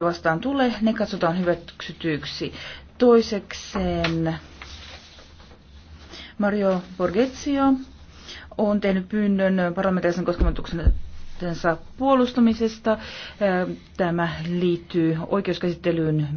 vastaan tule, ne katsotaan hyväksytyiksi. Toisekseen Mario Borgezio on tehnyt pyynnön parlamentaarisen koskemattomuutensa puolustamisesta. Tämä liittyy oikeuskäsittelyyn